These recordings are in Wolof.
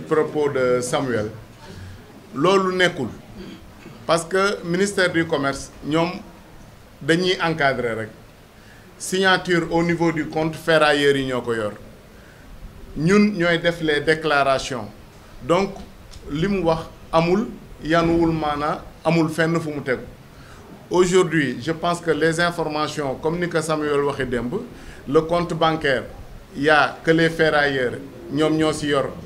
propos de Samuel loolu Nekul. parce que ministère du commerce nous dañuy encadrer rek signature au niveau du compte ferrailleur. nous avons fait yor les déclarations donc ce que je amul yanuwul Mana, amul fenn aujourd'hui je pense que les informations comme Samuel waxee le compte bancaire il y a que les ferrailleurs ont ñoo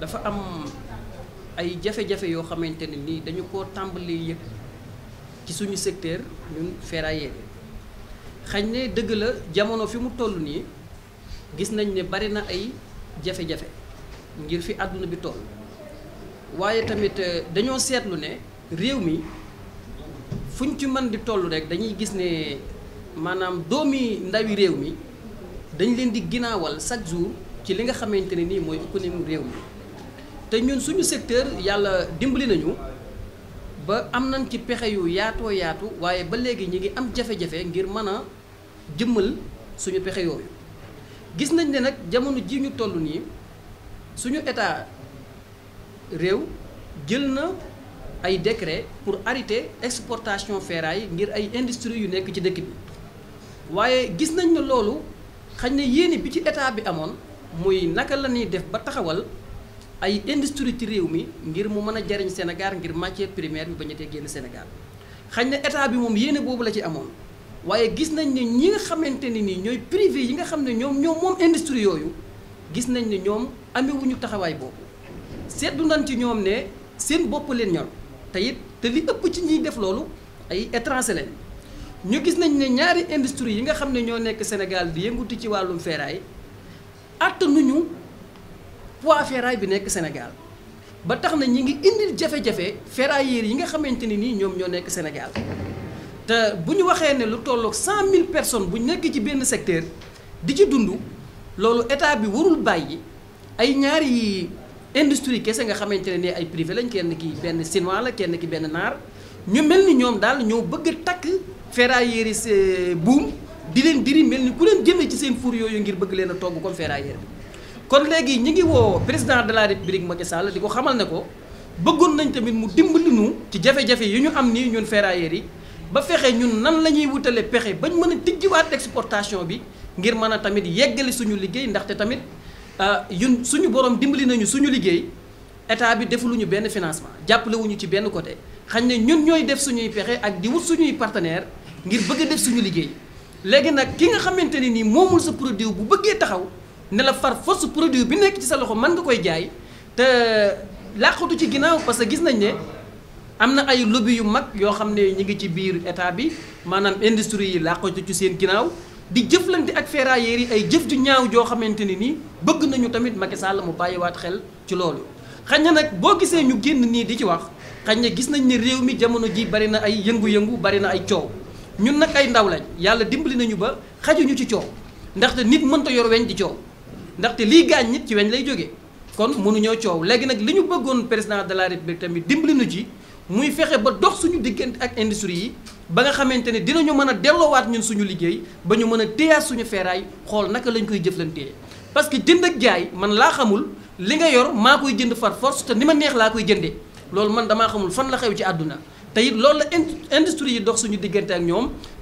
dafa am ay jafe-jafe yoo xamante ne nii dañu ko tàmbali yëpp ci suñu secteur ñun ferrailler xañ ne dëgg la jamono fi mu toll nii gis nañ ne bari na ay jafe-jafe ngir fi àdduna bi toll waaye tamit euh, dañoo seetlu ne réew mi fuñ ci mën di toll rek dañuy gis ne maanaam doomi ndawi réew mi dañ leen di ginnaawal chaque jour ci li nga xamante ne nii mooy économie réew mi te ñun suñu secteur yàlla dimbali nañu ba am nañ ci pexe yu yaatoo yaatu waaye ba léegi ñi ngi am jafe-jafe ngir mën a jëmmal suñu pexe yooyu gis nañ ne nag jamono ji ñu toll nii suñu état réew jël na ay décret pour arrêter exportation ferraille ngir ay industrie yu nekk ci dëkk bi waaye gis nañ ne loolu xañ ne yéene bi ci état bi amoon muy naka la def ba taxawal ay industrie ti réew mi ngir mu mën a jariñ Sénégal ngir matière première bi bañ te tee génn Sénégal xañ na état bi moom yéene boobu la ci amoon waaye gis nañ ne ñi nga xamante ne nii ñooy privé yi nga xam ne ñoom ñoom moom industrie yooyu gis nañ ne ñoom amewuñu taxawaay boobu seetlu nañ ci ñoom ne seen bopp leen ñor te it te li ëpp ci ñuy def loolu ay étranger lañ ñu gis nañ ne ñaari industrie yi nga xam ne ñoo nekk Sénégal di yëngutu ci wàllum ferraille attanuñu poids ferraille bi nekk Sénégal ba tax na ñi ngi indi jafe-jafe ferrailleurs yi nga xamante ni nii ñoom ñoo nekk Sénégal te bu ñu waxee ne lu tolloog cent mille personnes bu nekk ci benn secteur di ci dundu loolu état bi warul bàyyi ay ñaari industrie kese nga xamante ne nii ay privé lañ kenn ki benn chinois la kenn ki benn naar ñu mel ni ñoom daal ñoo bëgg a takk ferrailleurs yi euh, buum di leen diri mel ni ku leen jëmee ci seen four yooyu ngir bëgg leen a togg comme ferrailleur kon léegi ñi ngi woo président de la république Macky Sall di ko xamal ne ko bëggoon nañ tamit mu dimbali nu ci jafe-jafe yi ñu am nii ñun ferrailleurs yi ba fexe ñun nan la ñuy wutale pexe bañ mën a tijjiwaat exportation bi ngir mën a tamit yeggali suñu liggéey ndaxte tamit euh, yun suñu borom dimbali nañu suñu liggéey état bi ñu benn financement jàppalewuñu ci benn côté xañ ne ñun ñooy def suñuy pexe ak di wut suñuy partenaire ngir bëgg a def suñu liggéey léegi nag ki nga xamante ne nii moomul sa produit bu bëggee taxaw ne la far force produit bi nekk ci sa loxo mën nga koy jaay te làqatu ci ginnaaw parce que gis nañ ne am na ay lobby yu mag yoo xam ne ñu ngi ci biir état bi maanaam industrie yi làqatu ci seen ginnaaw di jëflante ak ferrailleurs yi ay jëf ju ñaaw joo xamante ni nii bëgg nañu tamit Macky Sall mu bàyyiwaat xel ci loolu xañ na nag boo gisee ñu génn nii di ci wax xañ na gis nañ ne réew mi jamono ji bari na ay yëngu-yëngu bari na ay coow ñun nag ay ndaw lañ yàlla dimbali nañu ba xajuñu ci coow ndaxte nit mënta yor weñ di coow ndaxte lii gaañ nit ci weñ lay jógee kon mënuñoo coow léegi nag li ñu bëggoon président de la république tamit dimbali nu ci muy fexe ba dox suñu diggante ak industrie yi ba nga xamante ne dinañu mën a dellowaat ñun suñu liggéey ba ñu mën a téyaat suñu feeraay xool naka lañ koy jëflantee parce que jënd ak jaay man laa xamul li nga yor maa koy jënd far force te ni ma neex laa koy jëndee loolu man damaa xamul fan la xew ci àdduna te it loolu la industrie yi dox suñu diggante ak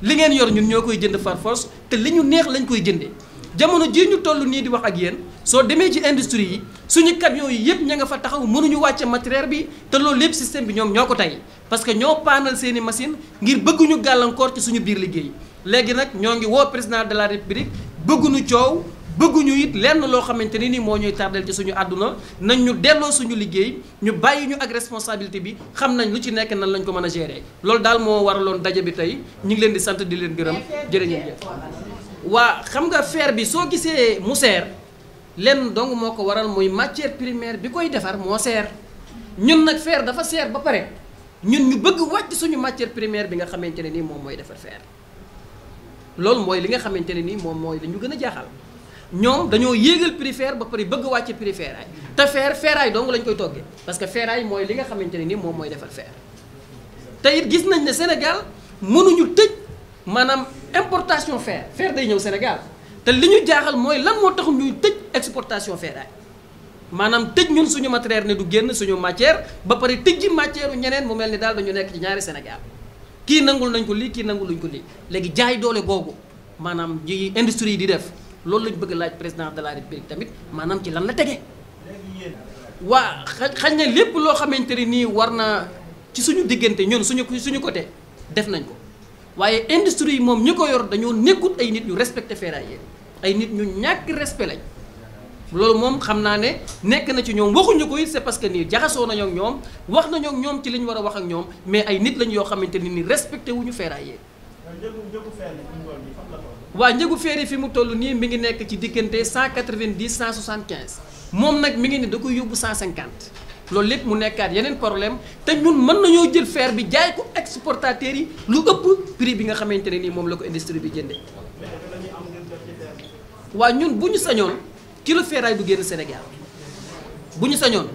li ngeen yor ñun ñoo koy jënd far force te li ñu neex lañ koy jëndee jamono jii ñu toll nii di wax ak yéen soo demee ci industrie yi suñu camion yi yëpp ña nga fa taxaw mënuñu wàcce matériel bi te loolu lépp système bi ñoom ñoo ko tey parce que ñoo paanal seeni machine ngir bëgguñu gàllankoor ci suñu biir liggéey léegi nag ñoo ngi woo président de la république bëgguñu coow bëgguñu it lenn loo xamante ni ni moo ñuy tardel ci suñu àdduna nañ ñu delloo suñu liggéey ñu bàyyi ñu ak responsabilité bi xam nañ lu ci nekk nan lañ ko mën a gérer loolu daal moo waraloon daje bi tey ñu ngi leen di sant di leen gërëm jërë ngeen waa xam nga fer bi soo gisee mu seer lenn dong moo ko waral muy matière primaire bi koy defar moo seer ñun nag fer dafa seer ba pare ñun ñu bëgg wàcc suñu matière primaire bi nga xamante ne nii moom mooy defar fer loolu mooy li nga xamante ne nii moom mooy li ñu gën a jaaxal ñoom dañoo yéegal prix ba pare bëgg wàcce prix ferraille te fer ferraille dong lañ koy toggee parce que ferraille mooy li nga xamante ne nii moom mooy defar fer te it gis nañ ne Sénégal mënuñu tëj maanaam. importation fer fer day ñëw Sénégal te li ñu jaaxal mooy lan moo tax ñuy tëj exportation ferraille maanaam tëj ñun suñu matériel ne du génn suñu matière ba pare tëj ji matière ñeneen mu mel ni daal dañu nekk ci ñaari Sénégal kii nangul nañ ko lii kii nangul nañ ko lii léegi jaay doole googu maanaam ji industrie yi di def loolu lañ bëgg laaj président de la république tamit maanaam ci lan la tege waa xañ na lépp loo xamante ni nii war na ci suñu diggante ñun suñu suñu côté def nañ ko waaye industrie yi moom ñi ko yor dañoo nekkut ay nit ñu respecté ferrailleur ay nit ñu ñàkk respect lañ loolu moom xam naa ne nekk na ci ñoom waxuñu ko it c'est parce que nii jaxasoo nañoo ak ñoom wax nañoo ak ñoom ci li war a wax ak ñoom mais ay nit lañ yoo xamante ni ni respecté wuñu ferrailleur waa njëgu feer fi mu toll nii mi ngi nekk ci diggante 190 175 moom nag mi ngi ne da koy yóbbu cent 150 loolu lépp mu nekkaat yeneen problème te ñun mën nañoo jël fer bi jaay ko exportateur yi lu ëpp prix bi nga xamante ne nii moom la ko industrie bi jënde waaw ñun bu ñu sañoon kilo ferraille du génn Sénégal bu ñu sañoon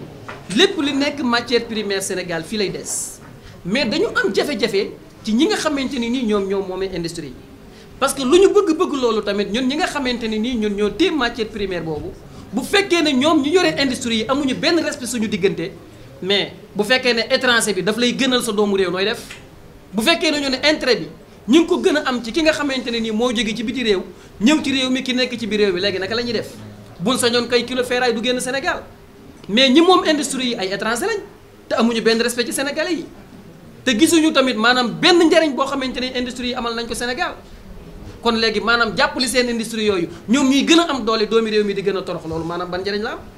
lépp li nekk matière primaire Sénégal fii lay des mais dañu am jafe-jafe ci ñi nga xamante ni nii ñoom ñoom moomee industrie parce que lu ñu bëgg-bëgg loolu tamit ñun ñi nga xamante ni nii ñun ñoo téye matière primaire boobu bu fekkee ne ñoom ñu yore industrie yi amuñu benn respect suñu diggante mais bu fekkee ne étranger bi daf lay gënal sa doomu réew nooy def bu fekkee ne ñu ne intérêt bi ñu ngi ko gën a am ci ki nga xamante ne nii moo jóge ci bi biti réew ñëw ci réew mi ki nekk ci biir réew bi léegi naka la ñuy def buñ sañoon kay kilo ferraille du génn Sénégal mais ñi moom industrie yi ay étranger lañ te amuñu benn respect ci sénégalais yi te gisuñu tamit maanaam benn njariñ boo xamante ne industrie yi amal nañ ko Sénégal kon léegi maanaam jàppali seen industrie yooyu ñëw ñuy gën a am doole doomi réew mi di gën a torox loolu maanaam ban njëriñ la am